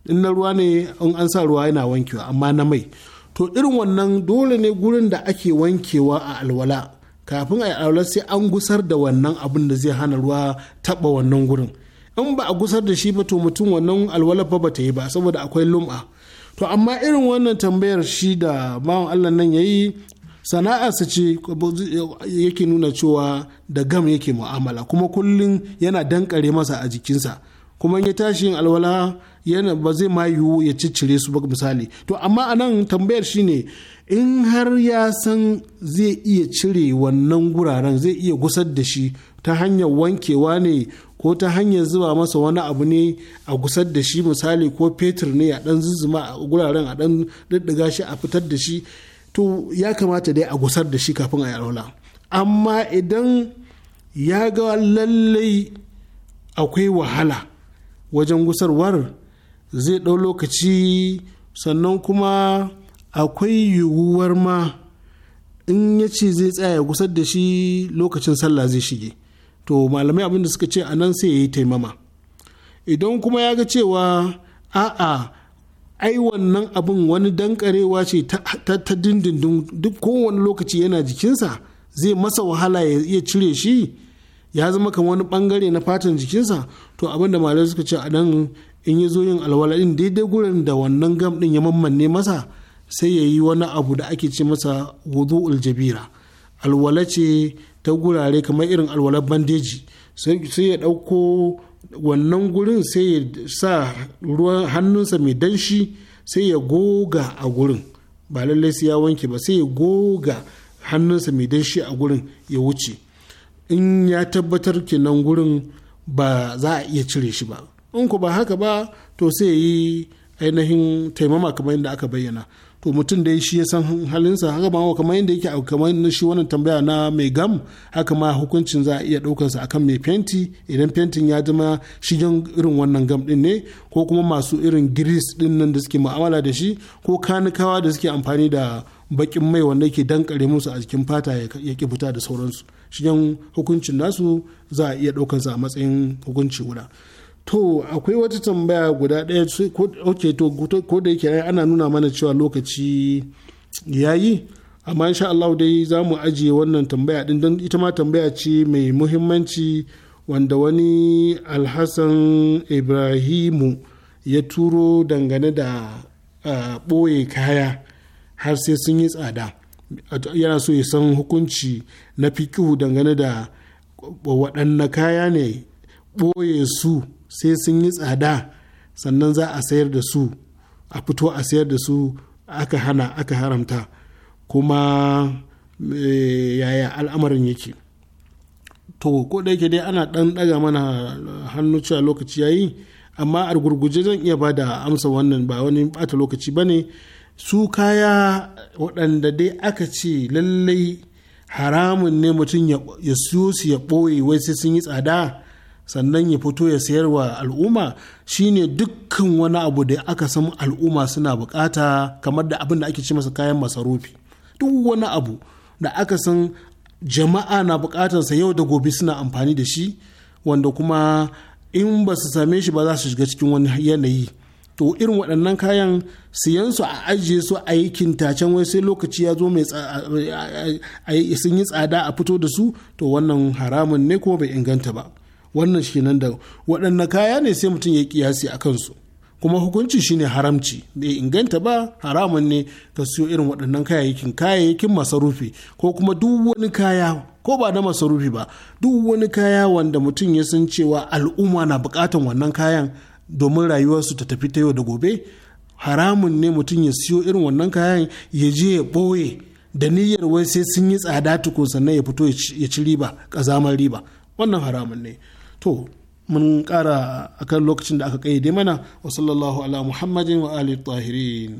din na ruwa ne in an sa ruwa yana wankewa amma na mai to irin wannan dole ne gurin da ake wankewa a alwala kafin a alwala sai an gusar da wannan abin da zai hana ruwa taba wannan gurin in ba a gusar da shi ba to mutum wannan alwala ba ta yi ba saboda akwai lum'a to amma irin wannan tambayar shi da bawan allah nan ya yi sana'arsa ce yake nuna cewa da gam yake mu'amala kuma kullum yana dankare masa a jikinsa kuma ya tashi yin alwala yana ba zai ma yiwu ya ciccire su ba misali to amma a nan tambayar ne in har ya san zai iya cire wannan guraren zai iya gusar da shi ta hanyar wankewa ne ko ta hanyar zuba masa wani abu ne a gusar da shi misali ko fetur ne a dan zuzuma a guraren a dan diddiga shi a fitar da shi to ya kamata dai a gusar da shi kafin a yi amma idan ya ga lallai akwai wahala wajen gusarwar zai ɗau lokaci sannan kuma akwai yiwuwar ma in ya ce zai tsaya gusar da shi lokacin sallah zai shige to malamai abin da suka ce a nan sai ya yi taimama idan kuma ya ga cewa a'a ai wannan abin wani dankarewa ce ta dindindin duk kowane lokaci yana jikinsa zai masa wahala ya iya cire shi ya zama kamar wani bangare na fatan jikinsa to abin da malamai suka ce a nan in ya zo yin alwala daidai gurin da wannan gam din ya mammanne masa sai ya yi wani abu da ake ce masa wudu jabira alwala ce ta gurare kamar irin alwalar bandeji sai ya ɗauko wannan gurin sai ya sa ruwan hannunsa mai danshi sai ya goga a gurin ba lallai sai ya wanke ba sai ya goga hannunsa mai danshi a gurin ya wuce in ya tabbatar kenan gurin ba za a iya cire shi ba in ku ba haka ba to sai yi ainihin taimama kamar yadda aka bayyana to mutum dai shi ya san halinsa haka ma kamar yadda yake kamar na shi wannan tambaya na mai gam haka ma hukuncin za a iya ɗaukarsa akan mai fenti idan fentin ya zama shigen irin wannan gam din ne ko kuma masu irin giris din nan da suke mu'amala da shi ko kanikawa da suke amfani da bakin mai wanda yake dankare musu a jikin fata ya ki fita da sauransu shigen hukuncin nasu za a iya ɗaukarsa a matsayin hukunci guda to akwai wata tambaya guda ɗaya ok to ko da yake ana nuna mana cewa lokaci ya yi amma insha Allah dai za mu ajiye wannan tambaya ɗin. don ita ma tambaya ce mai muhimmanci wanda wani alhassan ibrahimu ya turo dangane da ɓoye kaya har sai sun yi tsada yana so ya san hukunci na fikihu dangane da waɗanne kaya ne ɓoye su sai sun yi tsada sannan za a sayar da su a fito a sayar da su aka hana aka haramta kuma eh, yaya al'amarin yake to ko da yake dai ana ɗan ɗaga mana hannu cewa lokaci yayi amma a gurguje zan iya ba da amsa wannan ba wani bata lokaci ba ne su kaya waɗanda dai aka ce lallai haramun ne mutum ya siyo su ya ɓoye wai sai sun yi tsada sannan ya fito ya sayar wa al'umma shine dukkan wani abu da aka san al'umma suna bukata kamar da abin da ake ci masa kayan masarufi duk wani abu da aka san jama'a na bukatarsa yau da gobe suna amfani da shi wanda kuma in ba su same shi ba za su shiga cikin wani yanayi to irin waɗannan kayan siyan su a ajiye su a yi kintacen wai sai lokaci ya zo mai sun yi tsada a fito da su to wannan haramun ne ko bai inganta ba wannan shi nan da waɗanne kaya ne sai mutum ya yi kiyasi a kansu kuma hukunci shine haramci Bai inganta ba haramun ne ka siyo irin waɗannan kayayyakin kayayyakin masarufi ko kuma duk wani kaya ko ba na masarufi ba duk wani kaya wanda mutum ya san cewa al'umma na buƙatan wannan kayan domin rayuwarsu ta tafi ta yau da gobe haramun ne mutum ya siyo irin wannan kayan ya je ya ɓoye da niyyar wai sai sun yi tsada tukun sannan ya fito ya ci riba ƙazamar riba wannan haramun ne to mun kara akan lokacin da aka kayyade mana wa sallallahu ala muhammadin wa ali tahirin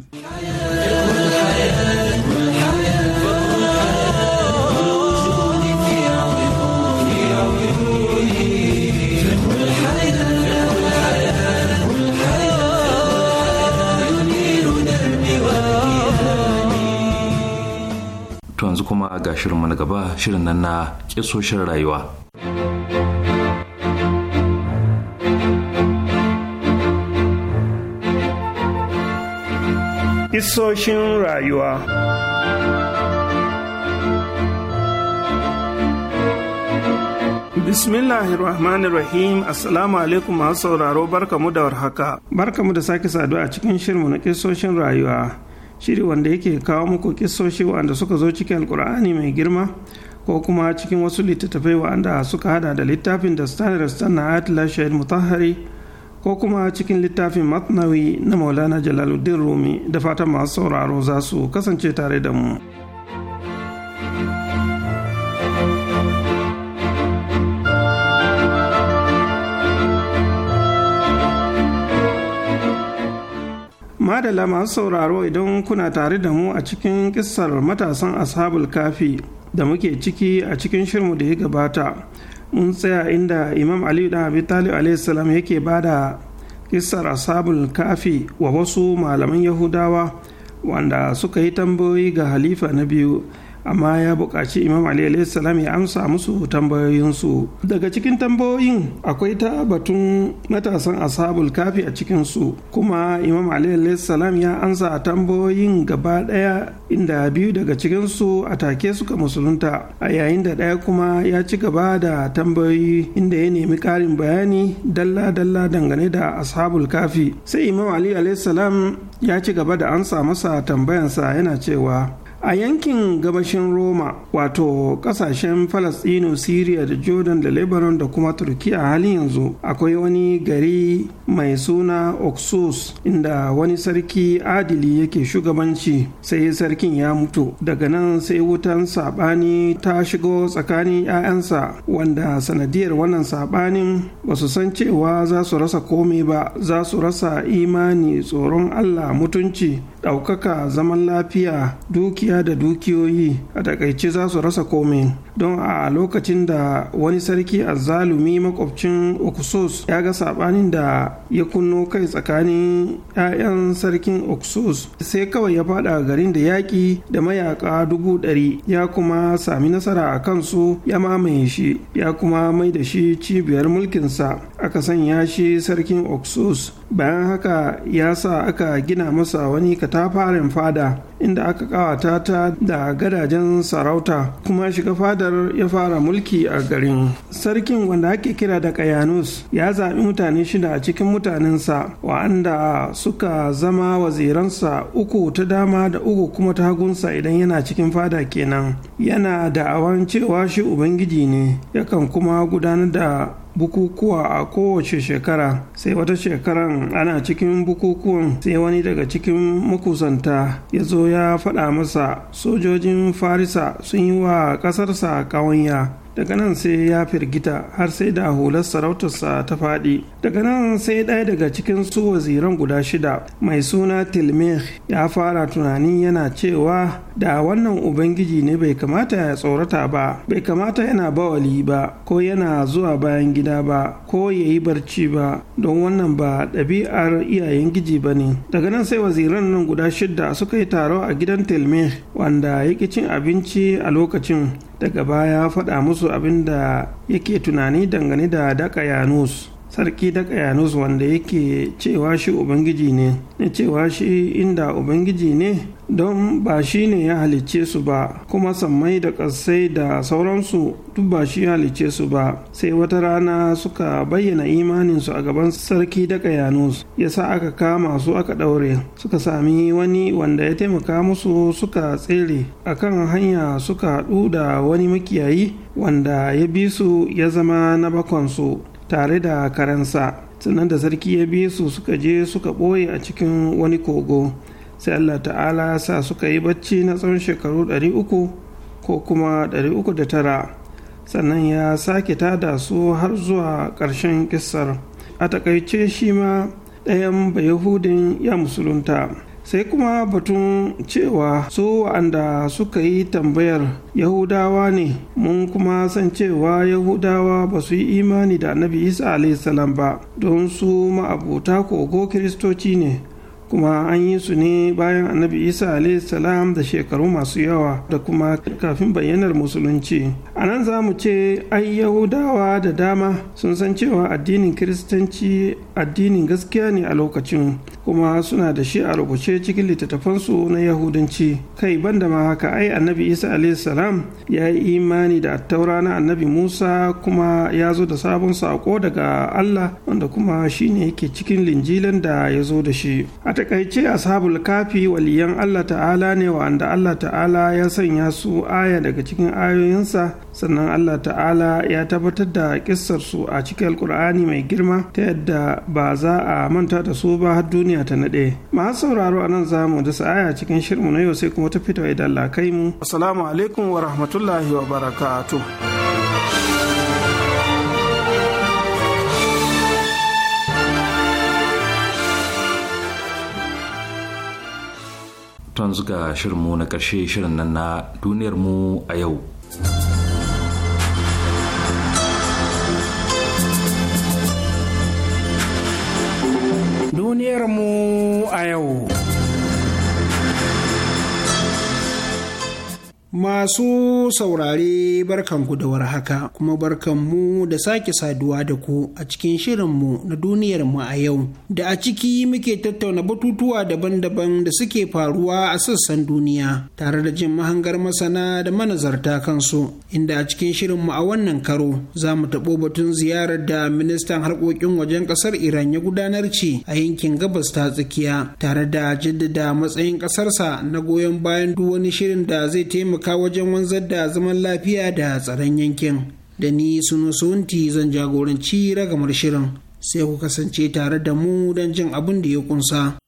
To yanzu kuma ga shirin na gaba shirin nan na kisoshin rayuwa. Isoshin rayuwa Bismillahirrahmanirrahim Assalamu alaikum masu sauraro barkamu da warhaka. Barkamu da sake saduwa a cikin shirmu na kisoshin rayuwa. Shiri wanda yake kawo muku kisoshi wanda suka zo cikin alkur'ani mai girma ko kuma cikin wasu littattafai wanda suka hada da littafin da stanar na Atila Shahid Mutahari ko kuma cikin littafin matnawi na maulana jalaluddin rumi da fata masu sauraro za su kasance tare da mu madala masu sauraro idan kuna tare da mu a cikin kissar matasan ashabul kafi da muke ciki a cikin shirmu da ya gabata mun tsaya inda imam ali da abi talib alaihissalam yake bada kissar asabul kafi wa wasu malaman yahudawa wanda suka yi tambayoyi ga halifa na biyu amma ya buƙaci imam ali salam ya amsa musu tambayoyinsu daga cikin tambayoyin akwai ta batun matasan ashabul kafi a cikinsu kuma imam ali salam ya amsa a tambayoyin gaba ɗaya inda biyu daga cikinsu a take suka musulunta a yayin da ɗaya kuma ya ci gaba da tambayoyi inda ya nemi ƙarin bayani dalla-dalla dangane da ashabul kafi sai imam ali salam ya ci gaba da amsa masa tambayansa yana cewa a yankin gabashin roma wato kasashen falasino syria da jordan da lebanon da kuma turkiya halin yanzu akwai wani gari mai suna oxus inda wani sarki adili yake shugabanci sai sarkin ya mutu daga nan sai wutan sabani ta shigo tsakanin 'ya'yansa wanda sanadiyar wannan sabanin ba su san cewa za su rasa komai ba za su rasa imani tsoron allah mutunci ɗaukaka zaman lafiya duki gaskiya da dukiyoyi a takaice za su rasa komai don a lokacin da wani sarki azzalumi makwabcin oksos ya ga sabanin da ya kunno kai tsakanin 'ya'yan sarkin oksos sai kawai ya fada garin da yaƙi da mayaka dubu ɗari ya kuma sami nasara a kansu ya mamaye shi ya kuma mai da shi cibiyar mulkinsa aka sanya shi sarkin oksos bayan haka ya sa aka gina masa wani katafaren fada inda aka kawata ta da gadajen sarauta kuma shiga fada kaisar ya fara mulki a garin sarkin wanda ake kira da kayanus ya zaɓi mutane shida a cikin mutanensa wa'anda suka zama waziransa uku ta dama da uku kuma ta hagunsa idan yana cikin fada kenan yana da'awan cewa shi ubangiji ne yakan kuma gudanar da bukukuwa a kowace shekara sai wata shekaran ana cikin bukukuwan sai wani daga cikin makusanta ya zo ya faɗa masa sojojin farisa sun yi wa ƙasarsa ƙawanya daga nan sai ya firgita har sai da hular sarautarsa ta faɗi daga nan sai ɗaya daga cikin su waziran guda shida mai suna tilmeh ya fara tunani yana cewa da wannan ubangiji ne bai kamata ya tsorata ba bai kamata yana bawali ba ko yana zuwa bayan gida ba ko ya yi barci ba don wannan ba ɗabi'ar iyayen giji ba ne daga nan sai waziran nan guda shida suka yi taro a gidan tilmeh wanda ya cin abinci a lokacin daga baya faɗa musu abin da yake tunani dangane da daka yanus sarki da kayanus wanda yake cewa shi ubangiji ne na cewa shi inda ubangiji ne don ba shi ne ya halicce su ba kuma sammai da ƙasai da sauransu duk ba shi ya halicce su ba sai wata rana suka bayyana imaninsu a gaban sarki da kayanus ya sa aka kama su aka ɗaure suka sami wani wanda ya taimaka musu suka tsere a kan hanya suka haɗu da wani makiyayi wanda ya bi su ya zama na bakonsu tare da karansa sannan da sarki ya bi su suka je suka ɓoye a cikin wani kogo sai allah ta'ala sa suka yi bacci na tsawon shekaru 300 ko kuma 309 sannan ya sake tada su har zuwa ƙarshen ƙisar a takaice shi ma ɗayan bayahudin ya musulunta sai kuma batun cewa su wa'anda suka yi tambayar yahudawa ne mun kuma san cewa yahudawa ba su yi imani da annabi isa salam ba don su ma'abuta kogo kiristoci ne kuma an yi su ne bayan annabi isa salam da shekaru masu yawa da kuma kafin bayyanar musulunci a nan za mu ce ai yahudawa da dama sun san cewa addinin kiristanci addinin gaskiya ne a lokacin kuma suna da shi a rubuce cikin littattafansu na yahudanci kai banda ma haka ai annabi isa salam ya yi imani da attaura na annabi musa kuma ya zo da sabon sako daga allah wanda kuma shi ne yake cikin linjilan da ya zo da shi a takaice ashabul kafi waliyan allah ta'ala ne wanda allah ta'ala ya sanya su aya daga cikin ayoyinsa sannan allah ta'ala ya tabbatar da su a cikin alkur'ani mai girma ta yadda ba za a manta da su ba har duniya ta naɗe masu sauraro a nan za mu da sa'aya cikin shirmu na yau sai kuma ta fita idan lakai mu assalamu alaikum wa rahmatullahi wa barakatu. tun zuga shirinmu na ƙarshe shirin nan na duniyarmu a yau. duniyarmu a yau. Masu saurare barkanku da warhaka kuma barkanmu da sake saduwa da ku a cikin shirin mu na duniyarmu a yau da a ciki muke tattauna batutuwa daban-daban da suke faruwa a sassan duniya tare da jin mahangar masana da manazarta kansu inda a cikin shirinmu a wannan karo za mu taɓo batun ziyarar da ministan harkokin wajen ƙasar Iran ya gudanar ce a yankin gabas ta tsakiya tare da jaddada matsayin ƙasarsa na goyon bayan duk wani shirin da zai taimaka taimaka wajen wanzar da zaman lafiya da tsaron yankin da ni suno sunti zan jagoranci ragamar shirin sai ku kasance tare da mu don jin abin da ya kunsa.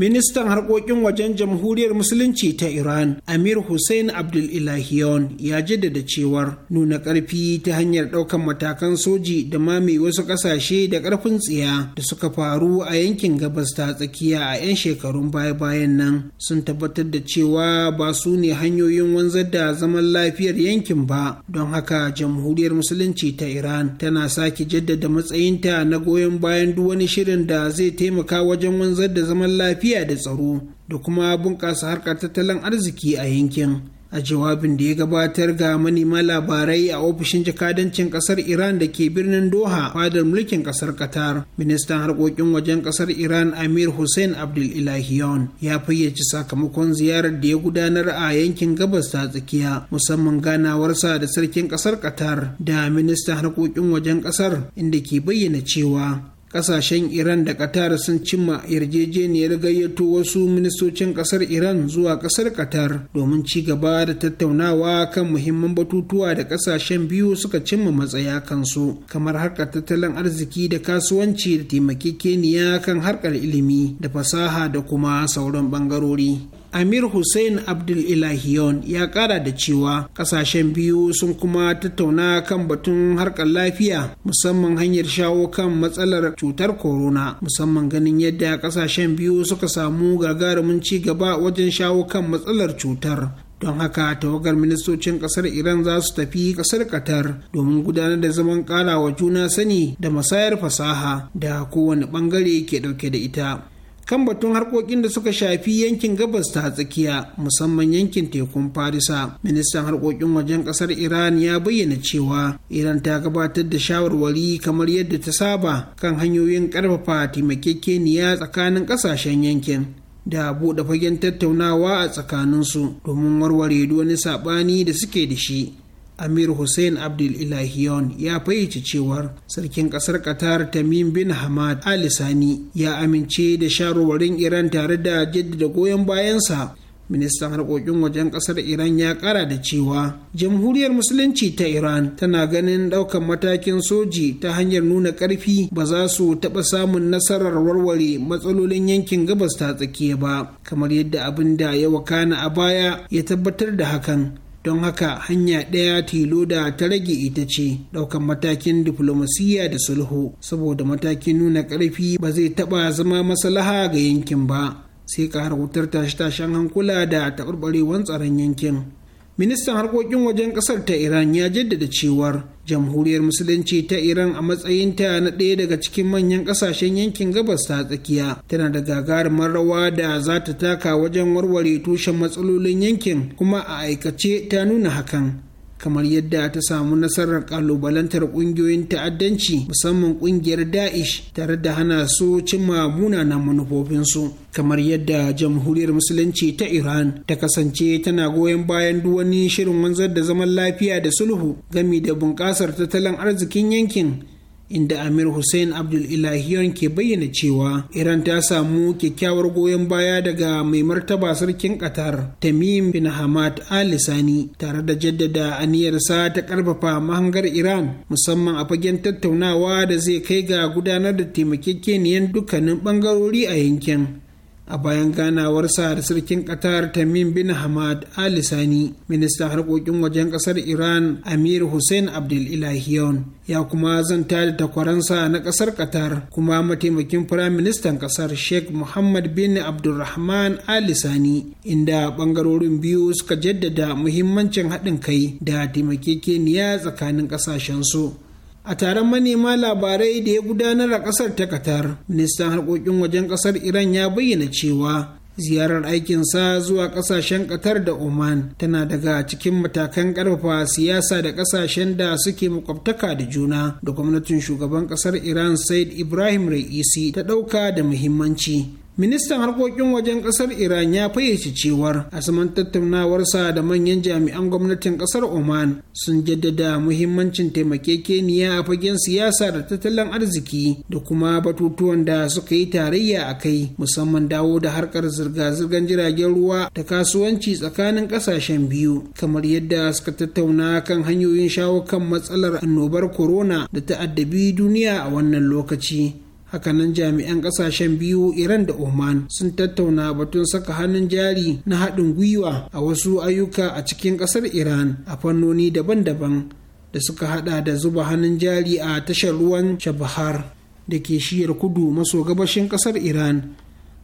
ministan harkokin wajen jamhuriyar musulunci ta iran amir hussein abdul ilahiyon ya jaddada cewar nuna karfi ta hanyar daukan matakan soji da mame wasu kasashe da karfin tsiya da suka faru a yankin gabas ta tsakiya a 'yan shekarun baya-bayan nan sun tabbatar da cewa ba su ne hanyoyin wanzar da zaman lafiyar yankin ba don haka jamhuriyar musulunci ta iran tana sake jaddada matsayinta na goyon bayan duk wani shirin da zai taimaka wajen wanzar da zaman lafiya lafiya da tsaro da kuma bunƙasa harkar tattalin arziki a yankin a jawabin da ya gabatar ga manema labarai a ofishin jakadancin kasar iran da ke birnin doha fadar mulkin kasar qatar ministan harkokin wajen kasar iran amir hussein abdul ilahiyon ya fayyace sakamakon ziyarar da ya gudanar a yankin gabas ta tsakiya musamman ganawarsa da sarkin kasar qatar da ministan harkokin wajen kasar inda ke bayyana cewa kasashen iran da qatar sun cimma yarjejeniyar gayyato wasu ministocin kasar iran zuwa kasar qatar domin ci gaba da tattaunawa kan muhimman batutuwa da kasashen biyu suka cimma matsaya kansu kamar harkar tattalin arziki da kasuwanci da taimakekeniya kan harkar ilimi da fasaha da kuma sauran bangarori Amir Hussein Abdul Ilahiyon ya kara da cewa kasashen biyu sun kuma tattauna kan batun harkar lafiya musamman hanyar shawo kan matsalar cutar corona musamman ganin yadda kasashen biyu suka samu gagarumin ci gaba wajen shawo kan matsalar cutar don haka tawagar ministocin kasar iran za su tafi kasar qatar domin gudanar da zaman kara wa juna sani da masayar fasaha da kowane bangare ke dauke da ita kan batun harkokin da suka shafi yankin gabas ta tsakiya musamman yankin tekun farisa ministan harkokin wajen kasar iran ya bayyana cewa iran ta gabatar da shawarwari kamar yadda ta saba kan hanyoyin karfafa taimakekeniya tsakanin kasashen yankin da buɗe fagen tattaunawa a tsakaninsu domin warware wani saɓani da suke da shi amir hussein abdul ilahiyon ya fayyace cewar sarkin kasar qatar tamim bin hamad al sani ya amince da shawarwarin iran tare da jaddada goyon bayansa ministan harkokin wajen kasar iran ya kara da cewa jamhuriyar musulunci ta iran tana ganin daukan matakin soji ta hanyar nuna karfi ba za su taɓa samun nasarar warware matsalolin yankin gabas ta tsakiya ba kamar yadda abin da ya wakana a baya ya tabbatar da hakan don haka hanya ɗaya tilo da ta rage ita ce ɗaukan matakin diflomasiyya da sulhu saboda matakin nuna ƙarfi ba zai taɓa zama maslaha ga yankin ba sai ka wutar tashe-tashen hankula da taɓarɓarewar tsaron yankin ministan harkokin wajen kasar ta iran ya jaddada cewar jamhuriyar musulunci ta iran a matsayinta na ɗaya daga cikin manyan ƙasashen yankin gabas ta tsakiya tana da gagarumar rawa da za ta taka wajen warware tushen matsalolin yankin kuma a aikace ta nuna hakan kamar yadda ta samu nasarar kalubalantar kungiyoyin ta'addanci musamman kungiyar da'ish tare da hana su cimma munanan manufofinsu kamar yadda jamhuriyar musulunci ta iran ta kasance tana goyon bayan duk wani shirin wanzar da zaman lafiya da sulhu gami da bunƙasar tattalin arzikin yankin inda amir hussein abdul ilahiyon ke bayyana cewa iran ta samu kyakkyawar goyon baya daga mai martaba sarkin qatar tamim bin hamad alisani tare da jaddada aniyarsa ta karfafa mahangar iran musamman a fagen tattaunawa da zai kai ga gudanar da taimakekeniyan dukkanin bangarori a yankin a bayan ganawarsa da sarkin qatar tamim bin hamad alisani sani ministan harkokin wajen kasar iran amir hussein abdul ilahiyon ya kuma zanta da takwaransa na kasar qatar kuma mataimakin firaministan kasar sheikh muhammad bin abdulrahman alisani inda bangarorin biyu suka jaddada muhimmancin haɗin kai da taimakekeniya tsakanin su. a taron manema labarai da ya gudanar a kasar ta Qatar, ministan harkokin wajen kasar Iran ya bayyana cewa ziyarar aikinsa zuwa kasashen Qatar da Oman tana daga cikin matakan karfafa siyasa da kasashen da suke makwabtaka da juna da gwamnatin shugaban kasar Iran Said Ibrahim Raisi ta ɗauka da muhimmanci. ministan harkokin wajen kasar iran ya fayyace cewar a saman tattaunawarsa da manyan jami'an gwamnatin kasar oman sun jaddada muhimmancin taimakekeniya a fagen siyasa da tattalin arziki da kuma batutuwan da suka yi tarayya a kai musamman dawo da harkar zirga-zirgar jiragen ruwa da kasuwanci tsakanin kasashen biyu kamar yadda suka tattauna kan hanyoyin shawo kan matsalar annobar corona da ta'addabi duniya a wannan lokaci hakanan jami'an kasashen biyu iran da oman sun tattauna batun saka hannun jari na haɗin gwiwa a wasu ayyuka a cikin ƙasar iran a fannoni daban-daban da suka hada da zuba hannun jari a tashar ruwan shabahar da ke shiyar kudu maso gabashin ƙasar iran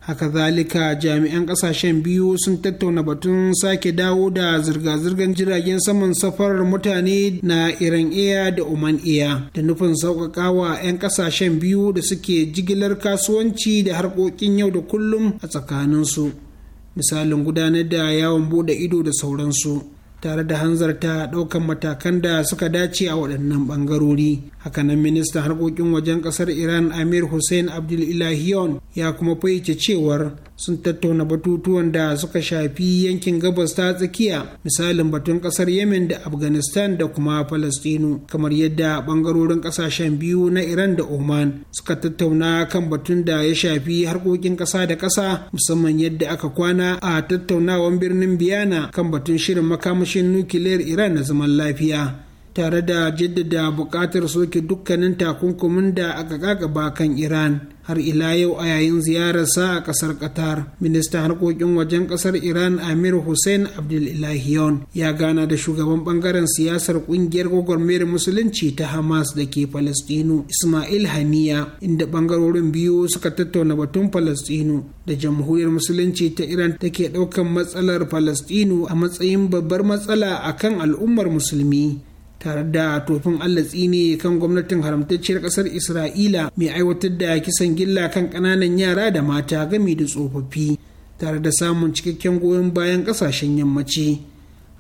haka zalika jami'an kasashen biyu sun tattauna batun sake dawo da zirga-zirgar jiragen saman safarar mutane na iran iya da oman iya da nufin sauƙaƙawa 'yan kasashen biyu da suke jigilar kasuwanci da harkokin yau da kullum a tsakaninsu misalin gudanar da yawon bude ido da sauransu tare da hanzarta ɗaukan matakan da suka dace a waɗannan ɓangarori hakanan ministan harkokin wajen ƙasar iran amir hussein abdul ilahiyon ya kuma fahimci cewar sun tattauna batutuwan da suka shafi yankin gabas ta tsakiya misalin batun ƙasar yemen da afghanistan da kuma falastinu kamar yadda ɓangarorin ƙasashen biyu na iran da oman suka tattauna kan batun da ya shafi harkokin ƙasa da ƙasa musamman yadda aka kwana a tattaunawan birnin biyana kan batun shirin makamashin makamashin nukiliyar iran na zaman lafiya tare da jaddada buƙatar soke dukkanin takunkumin da aka gagaba kan iran har ila yau a yayin ziyararsa a ƙasar qatar ministan harkokin wajen ƙasar iran amir hussein abdulilahiyon ya gana da shugaban bangaren siyasar kungiyar gwagwarmayar musulunci ta hamas da ke palestinu ismail haniya inda bangarorin biyu suka tattauna batun palestinu da jamhuriyar musulunci ta iran take ɗaukan matsalar palestinu a matsayin babbar matsala akan al'ummar musulmi tare da tofin Allah tsine kan gwamnatin haramtacciyar kasar Isra'ila mai aiwatar da kisan gilla kan kananan yara da mata gami da tsofaffi tare da samun cikakken goyon bayan kasashen yammaci.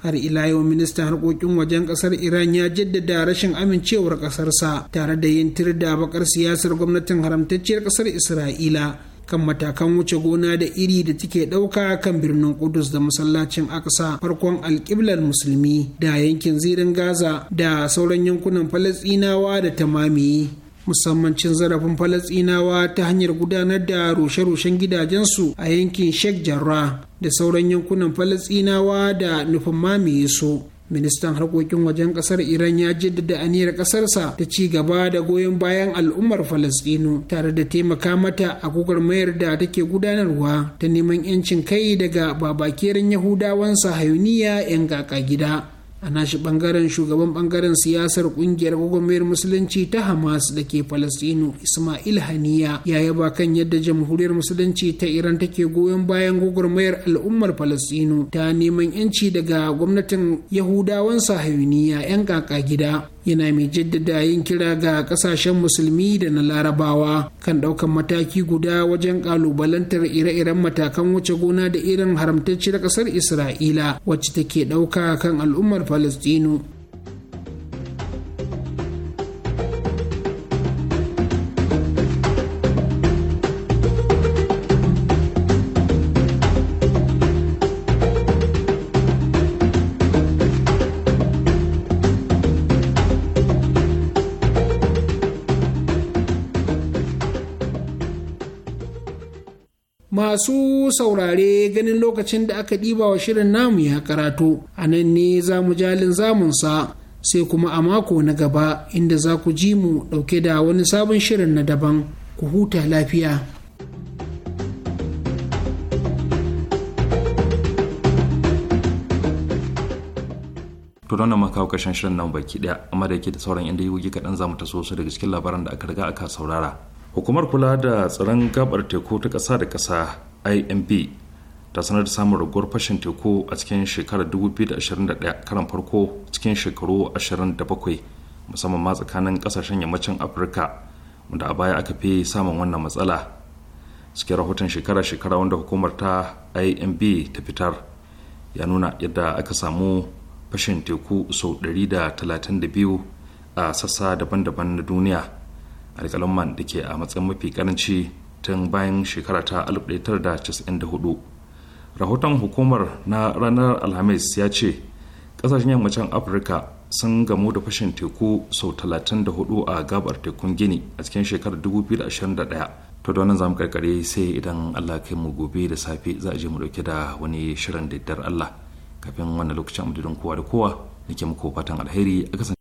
Har ila yau ministan harkokin wajen kasar Iran ya jaddada rashin amincewar kasarsa. tare da yin tir da bakar siyasar gwamnatin haramtacciyar kasar Isra'ila. kan matakan wuce gona da iri da take ɗauka kan birnin Kudus da masallacin Aksa farkon alƙiblar musulmi da yankin zirin Gaza da sauran yankunan Falasɗinawa da tamami. musamman cin zarafin falasinawa ta hanyar gudanar da rushe-rushen gidajensu a yankin sheikh jarra da sauran yankunan falasinawa da nufin mamaye su ministan harkokin wajen kasar iran ya jaddada aniyar kasarsa ta ci gaba da goyon bayan al'ummar falastinu tare da taimaka mata a mayar da take gudanarwa ta neman 'yancin kai daga babakeren yahudawan sahayuniya 'yan kaka gida a nashi bangaren shugaban bangaren siyasar kungiyar gwagwarmayar musulunci ta hamas da ke falastinu ismail haniya ya yaba kan yadda jamhuriyar musulunci ta iran take goyon bayan gwagwarmayar al'ummar falastinu ta neman yanci daga gwamnatin yahudawan sahayuniya 'yan kaka gida yana mai jaddada yin kira ga kasashen musulmi da na larabawa kan ɗaukan mataki guda wajen ƙalubalantar ire-iren matakan wuce gona da irin haramtacciyar kasar isra'ila wacce take ɗauka kan al'ummar falastinu masu saurare ganin lokacin da aka ɗiba wa shirin namu ya karatu a nan ne za mu jalin zamunsa sai kuma a mako na gaba inda za ku ji mu ɗauke da wani sabon shirin na daban ku huta lafiya. to don kashin shirin nan baki daya amma da yake da sauran inda yugi kaɗan mu taso su daga cikin labaran da aka riga aka saurara hukumar kula da tsaron gabar teku ta ƙasa da ƙasa imb ta sanar da samun raguwar fashin teku a cikin shekarar 2021 karan farko cikin shekaru 27 musamman ma tsakanin ƙasashen yammacin afirka wanda a baya aka fi samun wannan matsala cikin rahoton shekara-shekara wanda hukumar ta imb ta fitar ya nuna yadda aka samu fashin teku sau 132 a sassa daban-daban na duniya alƙalan da ke a matsayin mafi karanci tun bayan shekara ta 1994 rahoton hukumar na ranar alhamis ya ce kasashen yammacin afirka sun gamu da fashin teku sau 34 a gabar tekun gini a cikin shekarar 2021 to da wannan zamu karkare sai idan allah kai mu gobe da safe za a je mu dauke da wani shirin daddar allah kafin wannan lokacin amdadin kowa da kowa nake muku fatan alheri a kasance